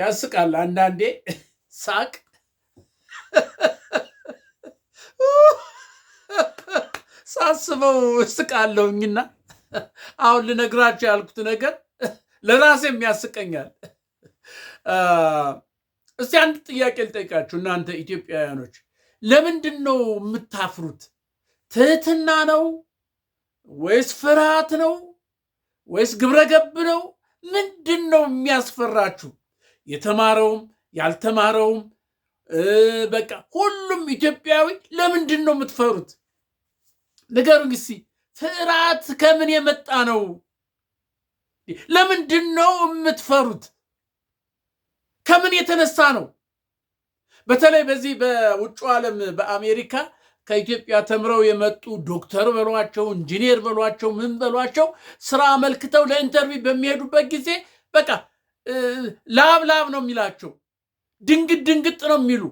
ያስቃል አንዳንዴ ሳቅ ሳስበው እስቃለሁኝና አሁን ልነግራቸው ያልኩት ነገር ለራሴም ያስቀኛል። እስቲ አንድ ጥያቄ ልጠይቃችሁ እናንተ ኢትዮጵያውያኖች፣ ለምንድን ነው የምታፍሩት? ትህትና ነው ወይስ ፍርሃት ነው ወይስ ግብረገብ ነው? ምንድን ነው የሚያስፈራችሁ? የተማረውም ያልተማረውም በቃ ሁሉም ኢትዮጵያዊ ለምንድን ነው የምትፈሩት? ንገሩኝ እስኪ ፍርሃት ከምን የመጣ ነው? ለምንድን ነው የምትፈሩት? ከምን የተነሳ ነው? በተለይ በዚህ በውጭ ዓለም በአሜሪካ ከኢትዮጵያ ተምረው የመጡ ዶክተር በሏቸው፣ ኢንጂነር በሏቸው፣ ምን በሏቸው ስራ አመልክተው ለኢንተርቪው በሚሄዱበት ጊዜ በቃ ላብ ላብ ነው የሚላቸው። ድንግጥ ድንግጥ ነው የሚሉ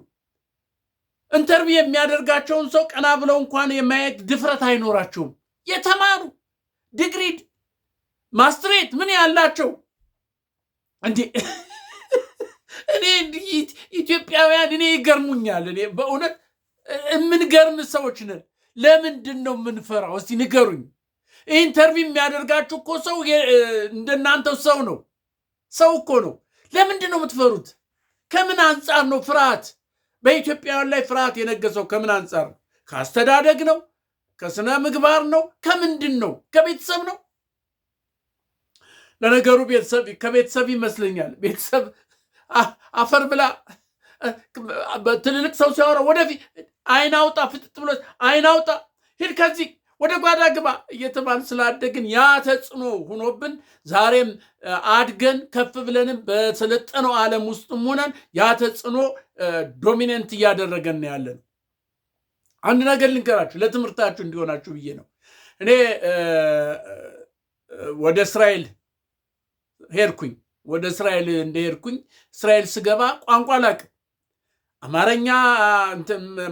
ኢንተርቪው የሚያደርጋቸውን ሰው ቀና ብለው እንኳን የማየት ድፍረት አይኖራቸውም። የተማሩ ዲግሪድ ማስትሬት ምን ያላቸው እንዴ! እኔ ኢትዮጵያውያን እኔ ይገርሙኛል እኔ በእውነት የምንገርም ሰዎች ነን። ለምንድን ነው የምንፈራው? እስቲ ንገሩኝ። ኢንተርቪው የሚያደርጋችሁ እኮ ሰው እንደናንተው ሰው ነው፣ ሰው እኮ ነው። ለምንድን ነው የምትፈሩት? ከምን አንጻር ነው ፍርሃት በኢትዮጵያውያን ላይ ፍርሃት የነገሰው? ከምን አንጻር ነው? ከአስተዳደግ ነው? ከስነ ምግባር ነው? ከምንድን ነው? ከቤተሰብ ነው? ለነገሩ ቤተሰብ ከቤተሰብ ይመስለኛል። ቤተሰብ አፈር ብላ ትልልቅ ሰው ሲያወራ ወደፊት አይናውጣ ፍጥጥ ብሎ አይናውጣ አውጣ ሂድ ከዚህ ወደ ጓዳ ግባ እየተባል ስላደግን ያ ተጽዕኖ ሁኖብን ዛሬም አድገን ከፍ ብለንም በሰለጠነው ዓለም ውስጥም ሆነን ያ ተጽዕኖ ዶሚነንት እያደረገን ያለን። አንድ ነገር ልንገራችሁ ለትምህርታችሁ እንዲሆናችሁ ብዬ ነው። እኔ ወደ እስራኤል ሄድኩኝ። ወደ እስራኤል እንደሄድኩኝ እስራኤል ስገባ ቋንቋ ላቅ አማርኛ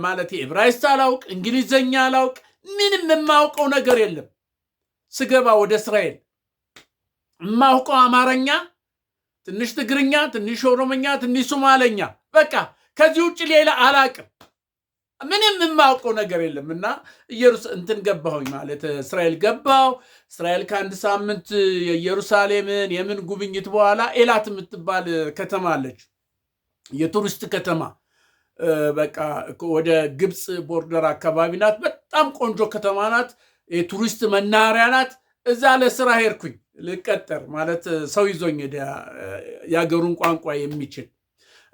ማለት ዕብራይስጥ አላውቅ፣ እንግሊዘኛ አላውቅ፣ ምንም የማውቀው ነገር የለም። ስገባ ወደ እስራኤል የማውቀው አማርኛ፣ ትንሽ ትግርኛ፣ ትንሽ ኦሮመኛ፣ ትንሽ ሶማለኛ፣ በቃ ከዚህ ውጭ ሌላ አላቅም። ምንም የማውቀው ነገር የለም እና ኢየሩስ እንትን ገባሁኝ ማለት እስራኤል ገባው እስራኤል ከአንድ ሳምንት የኢየሩሳሌምን የምን ጉብኝት በኋላ ኤላት የምትባል ከተማ አለች፣ የቱሪስት ከተማ በቃ ወደ ግብፅ ቦርደር አካባቢ ናት። በጣም ቆንጆ ከተማ ናት። የቱሪስት መናኸሪያ ናት። እዛ ለስራ ሄድኩኝ ልቀጠር ማለት ሰው ይዞኝ የሀገሩን ቋንቋ የሚችል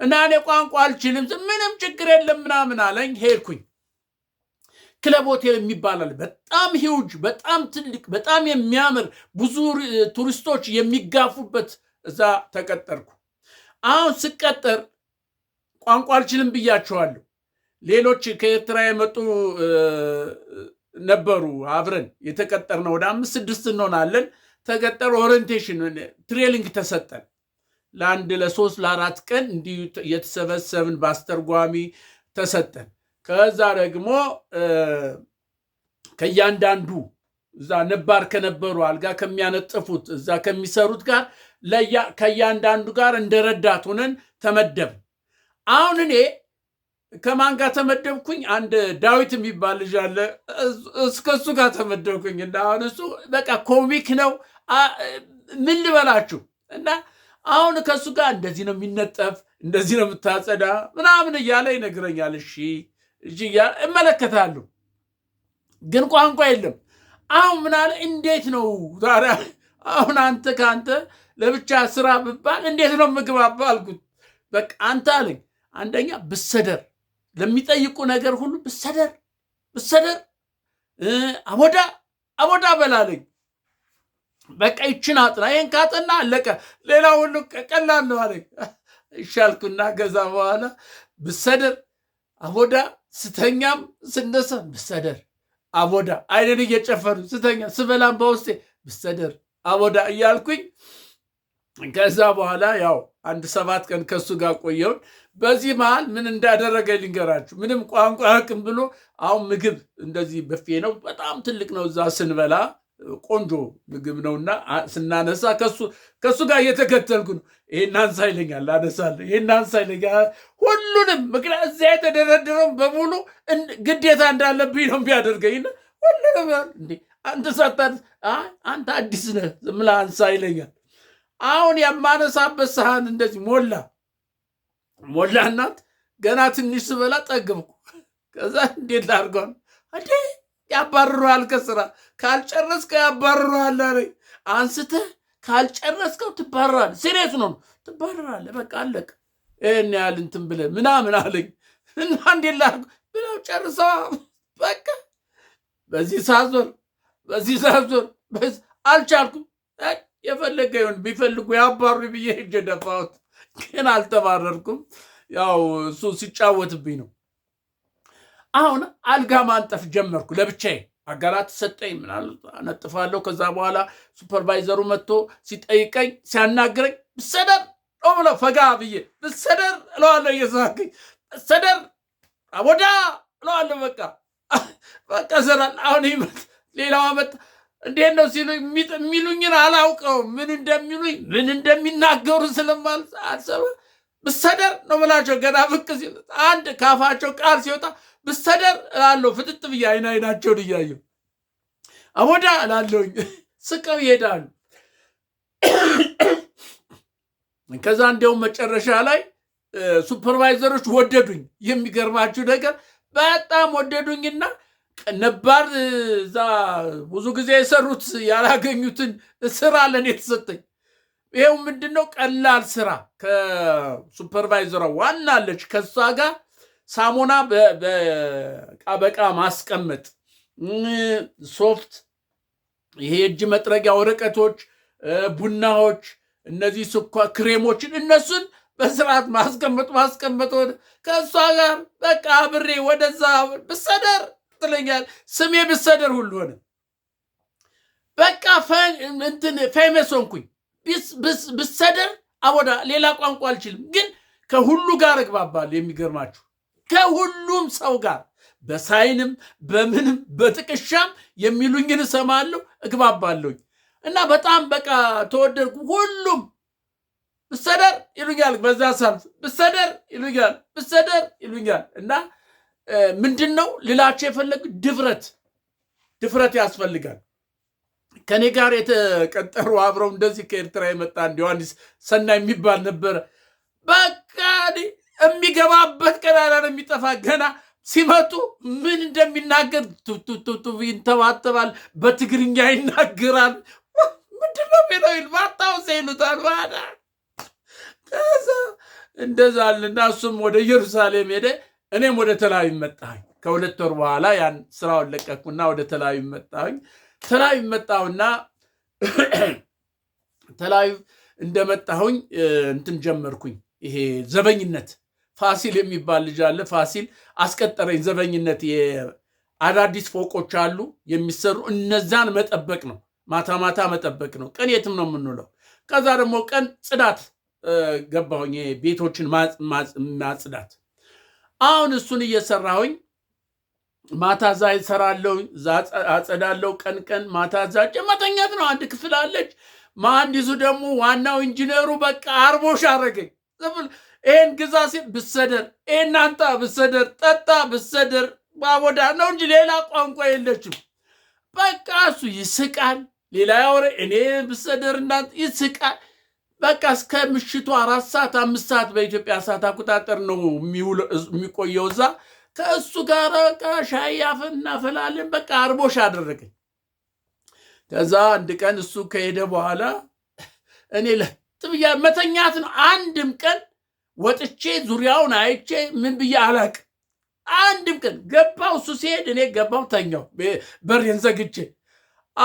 እና እኔ ቋንቋ አልችልም፣ ምንም ችግር የለም ምናምን አለኝ። ሄድኩኝ ክለብ ሆቴል የሚባላል በጣም ሂውጅ፣ በጣም ትልቅ፣ በጣም የሚያምር ብዙ ቱሪስቶች የሚጋፉበት እዛ ተቀጠርኩ። አሁን ስቀጠር ቋንቋ አልችልም ብያቸዋለሁ። ሌሎች ከኤርትራ የመጡ ነበሩ። አብረን የተቀጠርነው ወደ አምስት ስድስት እንሆናለን። ተቀጠር ኦሪንቴሽን ትሬሊንግ ተሰጠን። ለአንድ ለሶስት ለአራት ቀን እንዲሁ የተሰበሰብን በአስተርጓሚ ተሰጠን። ከዛ ደግሞ ከእያንዳንዱ እዛ ነባር ከነበሩ አልጋ ከሚያነጥፉት እዛ ከሚሰሩት ጋር ከእያንዳንዱ ጋር እንደረዳት ሆነን ተመደብን። አሁን እኔ ከማን ጋር ተመደብኩኝ? አንድ ዳዊት የሚባል ልጅ አለ። እስከ እሱ ጋር ተመደብኩኝ እና አሁን እሱ በቃ ኮሚክ ነው ምን ልበላችሁ እና አሁን ከእሱ ጋር እንደዚህ ነው የሚነጠፍ እንደዚህ ነው የምታጸዳ ምናምን እያለ ይነግረኛል። እሺ እሺ እያለ እመለከታለሁ፣ ግን ቋንቋ የለም። አሁን ምናለ እንዴት ነው ታዲያ አሁን አንተ ከአንተ ለብቻ ስራ ብባል እንዴት ነው ምግብ አባልኩት? በቃ አንተ አለኝ አንደኛ ብሰደር ለሚጠይቁ ነገር ሁሉ ብሰደር ብሰደር አቦዳ አቦዳ በላለኝ። በቃ ይችን አጥና፣ ይህን ካጠና አለቀ። ሌላ ሁሉ ቀላል ነው አለኝ። ይሻልኩና ገዛ በኋላ ብሰደር አቦዳ ስተኛም ስነሳም ብሰደር አቦዳ አይደል እየጨፈሩ ስተኛ ስበላም በውስጤ ብሰደር አቦዳ እያልኩኝ ከዛ በኋላ ያው አንድ ሰባት ቀን ከሱ ጋር ቆየውን። በዚህ መሃል ምን እንዳደረገ ልንገራችሁ። ምንም ቋንቋ አቅም ብሎ አሁን ምግብ እንደዚህ ብፌ ነው፣ በጣም ትልቅ ነው። እዛ ስንበላ ቆንጆ ምግብ ነውና ስናነሳ ከሱ ጋር እየተከተልኩ ነው። ይሄን አንሳ ይለኛል፣ አነሳለሁ። ይሄን አንሳ ይለኛል። ሁሉንም ምክንያት እዚያ የተደረደረው በሙሉ ግዴታ እንዳለብኝ ነው ቢያደርገኝ ሁሉንም አንተ ሳታንስ አንተ አዲስ ነህ ዝም ብለህ አንሳ ይለኛል። አሁን የማነሳበት ሰሃን እንደዚህ ሞላ ሞላ። እናት ገና ትንሽ ስበላ ጠግብኩ። ከዛ እንዴት ላርገን አ ያባርሩሃል፣ ከስራ ካልጨረስከው ያባርሩሃል። አንስተህ ካልጨረስከው ትባርራለህ። ሲሬት ነው ትባርራለህ። በቃ አለቅ ይህን ያህል እንትን ብለህ ምናምን አለኝ እና እንዴት ላድርገው ብለው ጨርሰዋ በቃ በዚህ ሳዞር በዚህ ሳዞር አልቻልኩም። የፈለገ ይሁን ቢፈልጉ ያባሩ ብዬ ሄጄ ደፋሁት፣ ግን አልተባረርኩም። ያው እሱ ሲጫወትብኝ ነው። አሁን አልጋ ማንጠፍ ጀመርኩ ለብቻዬ። አጋራት ሰጠኝ፣ ምናል አነጥፋለሁ። ከዛ በኋላ ሱፐርቫይዘሩ መጥቶ ሲጠይቀኝ ሲያናግረኝ ብሰደር ነው ብለው ፈጋ ብዬ ብሰደር እለዋለሁ፣ እየሳቅኝ ብሰደር ወዳ እለዋለሁ። በቃ በቃ ዘራል። አሁን ሌላው አመት እንዴት ነው ሲሉ የሚሉኝን አላውቀው ምን እንደሚሉኝ ምን እንደሚናገሩ ስለማል አሰበ ብሰደር ነው ብላቸው ገና ብቅ ሲሉ አንድ ካፋቸው ቃል ሲወጣ ብሰደር እላለሁ። ፍጥጥ ብዬ አይን አይናቸውን እያየሁ አቦዳ እላለሁኝ። ስቀው ይሄዳሉ። ከዛ እንዲያውም መጨረሻ ላይ ሱፐርቫይዘሮች ወደዱኝ። የሚገርማችሁ ነገር በጣም ወደዱኝና ነባር እዛ ብዙ ጊዜ የሰሩት ያላገኙትን ስራ ለኔ የተሰጠኝ ይሄው ምንድን ነው ቀላል ስራ ከሱፐርቫይዘሯ ዋና አለች ከሷ ጋር ሳሙና በቃ በቃ ማስቀመጥ ሶፍት ይሄ የእጅ መጥረጊያ ወረቀቶች ቡናዎች እነዚህ ስኳ ክሬሞችን እነሱን በስርዓት ማስቀመጥ ማስቀመጥ ከእሷ ጋር በቃ አብሬ ወደዛ ብሰደር ይቀጥለኛል። ስሜ ብሰደር ሁሉ ሆነ። በቃ እንትን ፌመስ ሆንኩኝ። ብሰደር አቦዳ ሌላ ቋንቋ አልችልም፣ ግን ከሁሉ ጋር እግባባለሁ። የሚገርማችሁ ከሁሉም ሰው ጋር በሳይንም በምንም በጥቅሻም የሚሉኝን እሰማለሁ፣ እግባባለሁኝ እና በጣም በቃ ተወደድኩ። ሁሉም ብሰደር ይሉኛል፣ በዛ ሳምስ ብሰደር ይሉኛል፣ ብሰደር ይሉኛል እና ምንድን ነው ልላቸው የፈለግ ድፍረት ድፍረት ያስፈልጋል። ከኔ ጋር የተቀጠሩ አብረው እንደዚህ ከኤርትራ የመጣ አንድ ዮሐንስ ሰና የሚባል ነበረ። በቃ የሚገባበት ቀን አዳር የሚጠፋ ገና ሲመጡ ምን እንደሚናገር ቱቱቱ ይንተባተባል፣ በትግርኛ ይናገራል። ምንድነው ሚለይል ባታውሰ ይሉታል። ባዳ ከዛ እንደዛ አለና እሱም ወደ ኢየሩሳሌም ሄደ። እኔም ወደ ተላዊ መጣኝ። ከሁለት ወር በኋላ ያን ስራውን ለቀኩና ወደ ተላዊ መጣኝ። ተላዊ መጣሁና ተላዊ እንደመጣሁኝ እንትን ጀመርኩኝ። ይሄ ዘበኝነት ፋሲል የሚባል ልጅ አለ። ፋሲል አስቀጠረኝ። ዘበኝነት አዳዲስ ፎቆች አሉ የሚሰሩ፣ እነዛን መጠበቅ ነው። ማታ ማታ መጠበቅ ነው። ቀን የትም ነው የምንውለው። ከዛ ደግሞ ቀን ጽዳት ገባሁኝ፣ ቤቶችን ማጽዳት አሁን እሱን እየሰራሁኝ ማታ ዛ ይሰራለሁ፣ አጸዳለው፣ ቀን ቀን ማታ ዛ መተኛት ነው። አንድ ክፍል አለች። መሐንዲሱ ደግሞ ዋናው ኢንጂነሩ በቃ አርቦሽ አረገኝ። ይሄን ግዛ ሲል ብሰደር፣ ይሄን አንጣ ብሰደር፣ ጠጣ ብሰደር፣ ባቦዳ ነው እንጂ ሌላ ቋንቋ የለችም። በቃ እሱ ይስቃል፣ ሌላ ያወረ እኔ ብሰደር እናንተ ይስቃል። በቃ እስከ ምሽቱ አራት ሰዓት አምስት ሰዓት በኢትዮጵያ ሰዓት አቆጣጠር ነው የሚቆየው እዛ። ከእሱ ጋር በቃ ሻይ እናፈላለን። በቃ አርቦሽ አደረገኝ። ከዛ አንድ ቀን እሱ ከሄደ በኋላ እኔ ለጥ መተኛት ነው። አንድም ቀን ወጥቼ ዙሪያውን አይቼ ምን ብዬ አላቅ። አንድም ቀን ገባው፣ እሱ ሲሄድ እኔ ገባው፣ ተኛው በሬን ዘግቼ።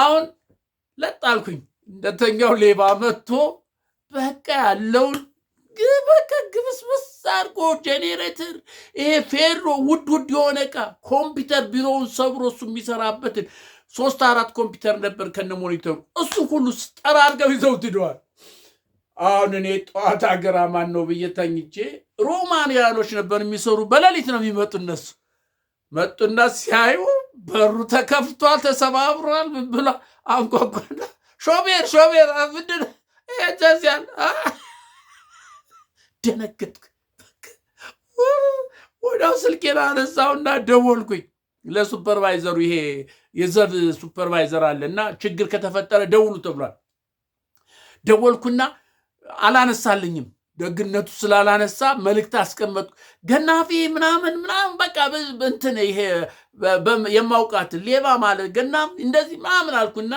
አሁን ለጥ አልኩኝ። እንደተኛው ሌባ መጥቶ በቃ ያለውን በቃ ግብስብስ አድርጎ ጄኔሬተር፣ ይሄ ፌሮ ውድ ውድ የሆነ እቃ ኮምፒውተር ቢሮውን ሰብሮ እሱ የሚሰራበትን ሶስት አራት ኮምፒውተር ነበር ከነ ሞኒተሩ እሱ ሁሉ ስጠራ ይዘው ይዘውት አሁን እኔ ጠዋት ሀገር ማን ነው ብዬ ተኝቼ ሮማንያኖች ነበር የሚሰሩ በሌሊት ነው የሚመጡ እነሱ መጡና ሲያዩ በሩ ተከፍቷል፣ ተሰባብሯል ብላ አንኳኳና ሾቤር ሾቤር ምንድን ያጃዚያን ደነገጥኩ። ወዲያው ስልኬን አነሳውና ደወልኩኝ ለሱፐርቫይዘሩ። ይሄ የዘብ ሱፐርቫይዘር አለ እና ችግር ከተፈጠረ ደውሉ ተብሏል። ደወልኩና አላነሳልኝም። ደግነቱ ስላላነሳ መልእክት አስቀመጥኩ። ገናፊ ምናምን ምናምን በቃ እንትን ይሄ የማውቃትን ሌባ ማለት ገናፍ እንደዚህ ምናምን አልኩና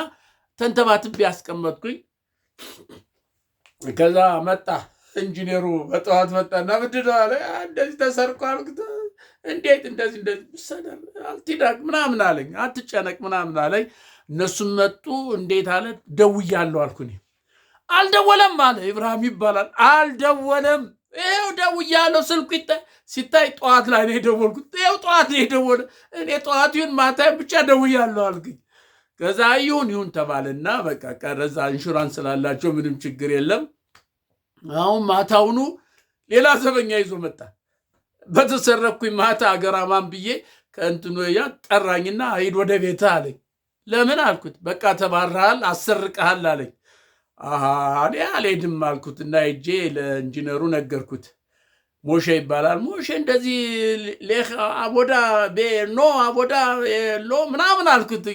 ተንተባትቤ አስቀመጥኩኝ። ከዛ መጣ ኢንጂነሩ በጠዋት መጣና ምንድን ነው አለ እንደዚህ ተሰርቋል እንዴት እንደዚህ እንደዚህ ይሰዳል አልቲዳቅ ምናምን አለኝ አትጨነቅ ምናምን አለኝ እነሱም መጡ እንዴት አለ ደውያለሁ አልኩኝ አልደወለም አለ ኢብርሃም ይባላል አልደወለም ይኸው ደውያለሁ ስልኩ ሲታይ ጠዋት ላይ ነው የደወልኩት ይኸው ጠዋት ነው የደወለ እኔ ጠዋት ይሁን ማታይም ብቻ ደውያለሁ አልኩኝ ከዛ ይሁን ይሁን ተባለና በቃ ቀረዛ ኢንሹራንስ ስላላቸው ምንም ችግር የለም። አሁን ማታውኑ ሌላ ዘበኛ ይዞ መጣ። በተሰረኩኝ ማታ አገራማን ብዬ ከእንትኖ ያ ጠራኝና ሂድ ወደ ቤት አለኝ። ለምን አልኩት። በቃ ተባረሃል፣ አሰርቀሃል አለኝ። እኔ አልሄድም አልኩት እና ሄጄ ለኢንጂነሩ ነገርኩት። ሞሼ ይባላል። ሞሼ እንደዚህ ሌ አቦዳ ኖ አቦዳ ሎ ምናምን አልኩት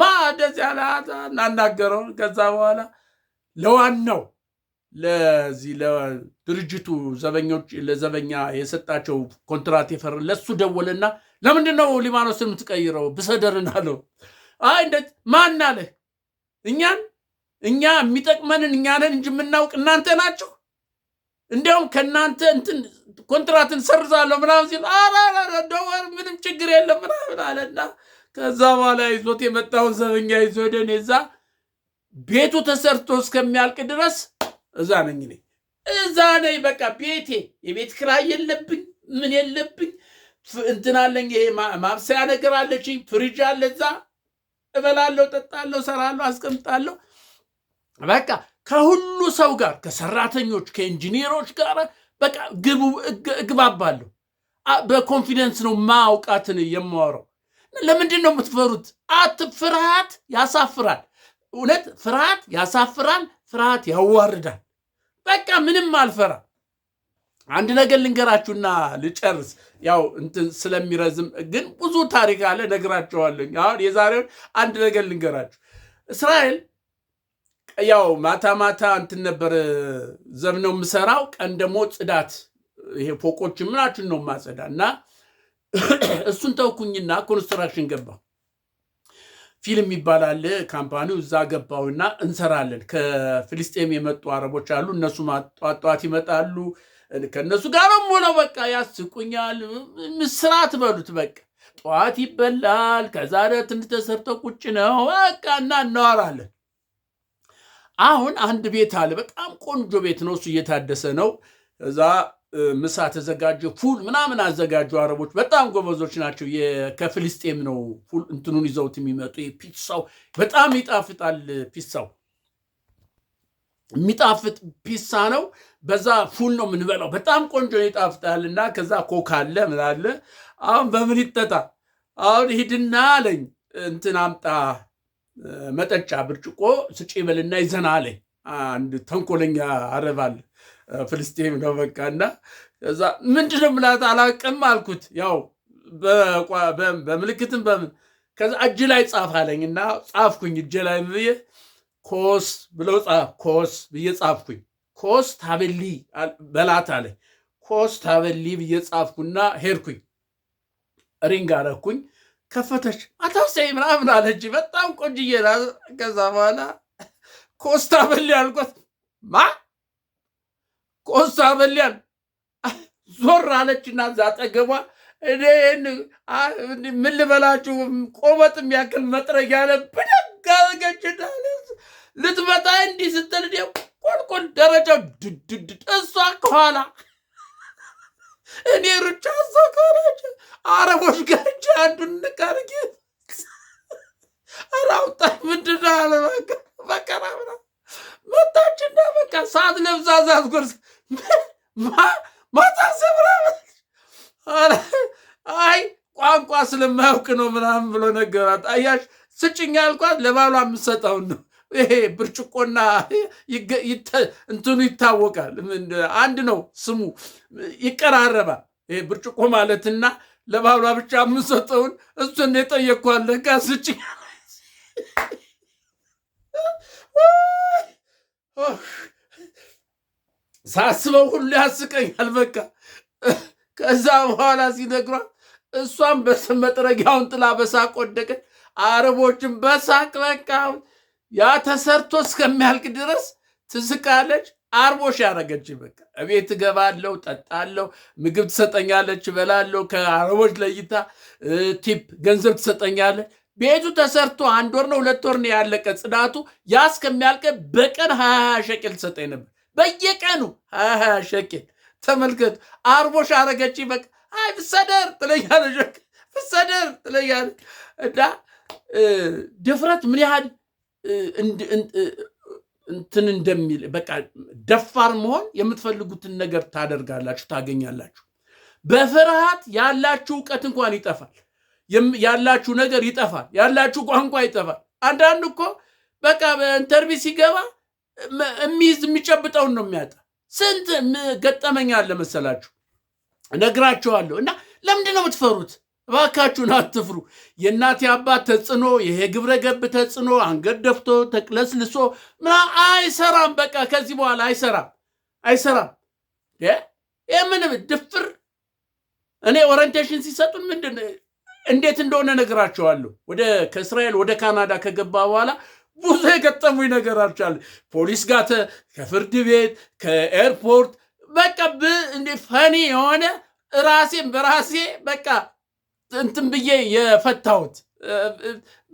ማ እንደዚህ ያለ እናናገረውን ከዛ በኋላ ለዋናው ለዚህ ለድርጅቱ ዘበኞች ለዘበኛ የሰጣቸው ኮንትራት የፈር ለሱ ደወለና ለምንድን ነው ሊባኖስን የምትቀይረው ብሰደርን አለው። አይ እንደ ማን አለህ እኛን እኛ የሚጠቅመንን እኛንን እንጂ የምናውቅ እናንተ ናችሁ። እንዲያውም ከእናንተ እንትን ኮንትራትን ሰርዛለሁ ምናምን ሲል ኧረ ኧረ ደወር ምንም ችግር የለም ምናምን አለና ከዛ በኋላ ይዞት የመጣውን ዘበኛ ይዞ ሄደ። እኔ እዛ ቤቱ ተሰርቶ እስከሚያልቅ ድረስ እዛ ነኝ እኔ እዛ ነኝ። በቃ ቤቴ የቤት ክራይ የለብኝ ምን የለብኝ። እንትናለኝ ይሄ ማብሰያ ነገር አለችኝ፣ ፍሪጅ አለ እዛ እበላለሁ፣ ጠጣለሁ፣ ሰራለሁ፣ አስቀምጣለሁ። በቃ ከሁሉ ሰው ጋር ከሰራተኞች ከኢንጂኒሮች ጋር በቃ ግቡ እግባባለሁ። በኮንፊደንስ ነው ማውቃትን የማወራው ለምንድን ነው የምትፈሩት? አት ፍርሃት ያሳፍራል። እውነት ፍርሃት ያሳፍራል። ፍርሃት ያዋርዳል። በቃ ምንም አልፈራ። አንድ ነገር ልንገራችሁና ልጨርስ። ያው እንትን ስለሚረዝም ግን ብዙ ታሪክ አለ ነግራቸዋለሁ። አሁን የዛሬውን አንድ ነገር ልንገራችሁ። እስራኤል ያው ማታ ማታ እንትን ነበር ዘብ ነው የምሰራው፣ ቀን ደግሞ ጽዳት ይሄ ፎቆች ምናችን ነው ማጸዳ እና እሱን ተውኩኝና ኮንስትራክሽን ገባሁ። ፊልም ይባላል ካምፓኒው። እዛ ገባሁና እንሰራለን። ከፍልስጤም የመጡ አረቦች አሉ። እነሱ ጧት ይመጣሉ። ከእነሱ ጋርም ሆነው በቃ ያስቁኛል። ስራ ትበሉት በቃ ጠዋት ይበላል። ከዛ እንትን ተሰርቶ ቁጭ ነው በቃ እና እናወራለን። አሁን አንድ ቤት አለ፣ በጣም ቆንጆ ቤት ነው። እሱ እየታደሰ ነው። እዛ ምሳ ተዘጋጀ፣ ፉል ምናምን አዘጋጁ። አረቦች በጣም ጎበዞች ናቸው። ከፍልስጤም ነው ፉል እንትኑን ይዘውት የሚመጡ ፒሳው በጣም ይጣፍጣል። ፒሳው የሚጣፍጥ ፒሳ ነው። በዛ ፉል ነው የምንበላው። በጣም ቆንጆ ይጣፍጣል። እና ከዛ ኮካ አለ ምን አለ። አሁን በምን ይጠጣ? አሁን ሂድና አለኝ እንትን አምጣ መጠጫ ብርጭቆ ስጭ በልና ይዘና አለኝ። አንድ ተንኮለኛ አረብ አለ ፍልስጤም ነው በቃ። እና እዛ ምንድነው ምላት አላቅም አልኩት፣ ያው በምልክትም በምን ከዛ እጅ ላይ ጻፍ አለኝ እና ጻፍኩኝ። እጅ ላይ ብዬ ኮስ ብለው ጻፍ ኮስ ብዬ ጻፍኩኝ። ኮስ ታበሊ በላት አለኝ። ኮስ ታበሊ ብዬ ጻፍኩና ሄድኩኝ። ሪንግ አረኩኝ። ከፈተች አታሳይ ምናምን አለች። በጣም ቆንጅዬ ናት። ከዛ በኋላ ኮስ ታበሊ ያልኳት ማ ቆሳ በሊያል ዞር አለችና እዛ አጠገቧ ምን ልበላችሁ ቆበጥ የሚያክል መጥረጊያ ያለ ብድግ አደረገችና ልትመጣ እንዲህ ስትል ቆልቆል ደረጃ ድድድ እሷ ከኋላ እኔ ሩጫ እሷ ከኋላች አረቦች ጋጅ እጅ አንዱን ንቃርጌ አራውጣ ምንድን አለ በቀራ መጣችና በቃ ሰዓት ለብዛዛት ጎርስ ማታሰብ አይ ቋንቋ ስለማያውቅ ነው ምናምን ብሎ ነገራት። አያሽ ስጭኝ ያልኳት ለባሏ የምሰጠውን ነው። ይሄ ብርጭቆና እንትኑ ይታወቃል። አንድ ነው ስሙ ይቀራረባል። ይሄ ብርጭቆ ማለትና ለባሏ ብቻ የምሰጠውን እሱን ስጭኝ ሳስበው ሁሉ ያስቀኛል። በቃ ከዛ በኋላ ሲነግሯት እሷን በመጥረጊያውን ጥላ በሳቅ ወደቀ። አረቦችን በሳቅ በቃ ያ ተሰርቶ እስከሚያልቅ ድረስ ትስቃለች። አርቦሽ ያረገች በቃ እቤት እገባለሁ፣ ጠጣለሁ፣ ምግብ ትሰጠኛለች፣ እበላለሁ። ከአረቦች ለይታ ቲፕ ገንዘብ ትሰጠኛለች። ቤቱ ተሰርቶ አንድ ወር ነው ሁለት ወር ነው ያለቀ ጽዳቱ። ያ እስከሚያልቀ በቀን ሀያ ሸቅል ትሰጠኝ ነበር በየቀኑ ሸቄ አርቦሽ አረገች በቃ አይ ፍሰደር ፍሰደር እና ድፍረት ምን ያህል እንትን እንደሚል በቃ ደፋር መሆን የምትፈልጉትን ነገር ታደርጋላችሁ፣ ታገኛላችሁ። በፍርሃት ያላችሁ እውቀት እንኳን ይጠፋል፣ ያላችሁ ነገር ይጠፋል፣ ያላችሁ ቋንቋ ይጠፋል። አንዳንዱ እኮ በቃ ሲገባ የሚይዝ የሚጨብጠውን ነው የሚያጣ ስንት ገጠመኛ አለ መሰላችሁ እነግራችኋለሁ። እና ለምንድን ነው የምትፈሩት? እባካችሁን አትፍሩ። የእናት አባት ተጽዕኖ፣ ይሄ ግብረ ገብ ተጽዕኖ፣ አንገት ደፍቶ ተቅለስልሶ ምና አይሰራም። በቃ ከዚህ በኋላ አይሰራም፣ አይሰራም። ይህ ድፍር እኔ ኦሪንቴሽን ሲሰጡን ምንድን እንዴት እንደሆነ ነግራቸዋለሁ። ወደ ከእስራኤል ወደ ካናዳ ከገባ በኋላ ብዙ የገጠሙኝ ነገር አልቻለ ፖሊስ ጋተ ከፍርድ ቤት ከኤርፖርት በቃ እንደ ፈኒ የሆነ ራሴን በራሴ በቃ እንትን ብዬ የፈታሁት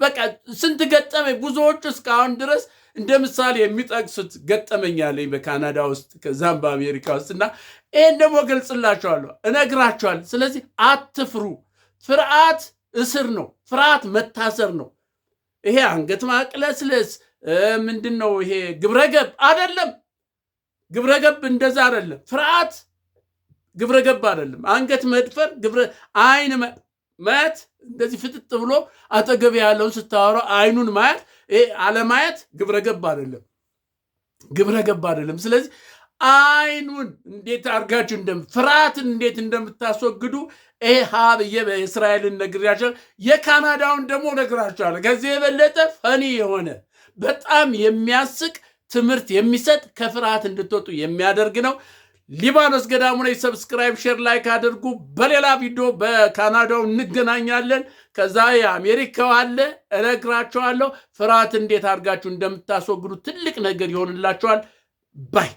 በቃ ስንት ገጠመኝ። ብዙዎቹ እስካሁን ድረስ እንደ ምሳሌ የሚጠቅሱት ገጠመኝ አለኝ በካናዳ ውስጥ ከዛም በአሜሪካ ውስጥ እና ይህን ደግሞ ገልጽላቸዋለሁ፣ እነግራቸዋለሁ። ስለዚህ አትፍሩ። ፍርሃት እስር ነው። ፍርሃት መታሰር ነው። ይሄ አንገት ማቅለስለስ ምንድን ነው? ይሄ ግብረገብ አደለም። ግብረገብ እንደዛ አደለም። ፍርሃት ግብረገብ አደለም። አንገት መድፈር፣ አይን ማየት፣ እንደዚህ ፍጥጥ ብሎ አጠገብ ያለውን ስታወራው አይኑን ማየት፣ አለማየት ግብረገብ አደለም። ግብረገብ አደለም። ስለዚህ አይኑን እንዴት አድርጋችሁ ፍርሃትን እንዴት እንደምታስወግዱ ኤሃብ ሀ በእስራኤልን የካናዳውን ደግሞ ነግራቸዋል። ከዚህ የበለጠ ፈኒ የሆነ በጣም የሚያስቅ ትምህርት የሚሰጥ ከፍርሃት እንድትወጡ የሚያደርግ ነው። ሊባኖስ ገዳሙ ላይ ሰብስክራይብ፣ ሼር፣ ላይክ አድርጉ። በሌላ ቪዲዮ በካናዳው እንገናኛለን። ከዛ የአሜሪካው አለ እነግራቸዋለሁ። ፍርሃት እንዴት አድርጋችሁ እንደምታስወግዱ ትልቅ ነገር ይሆንላቸዋል ባይ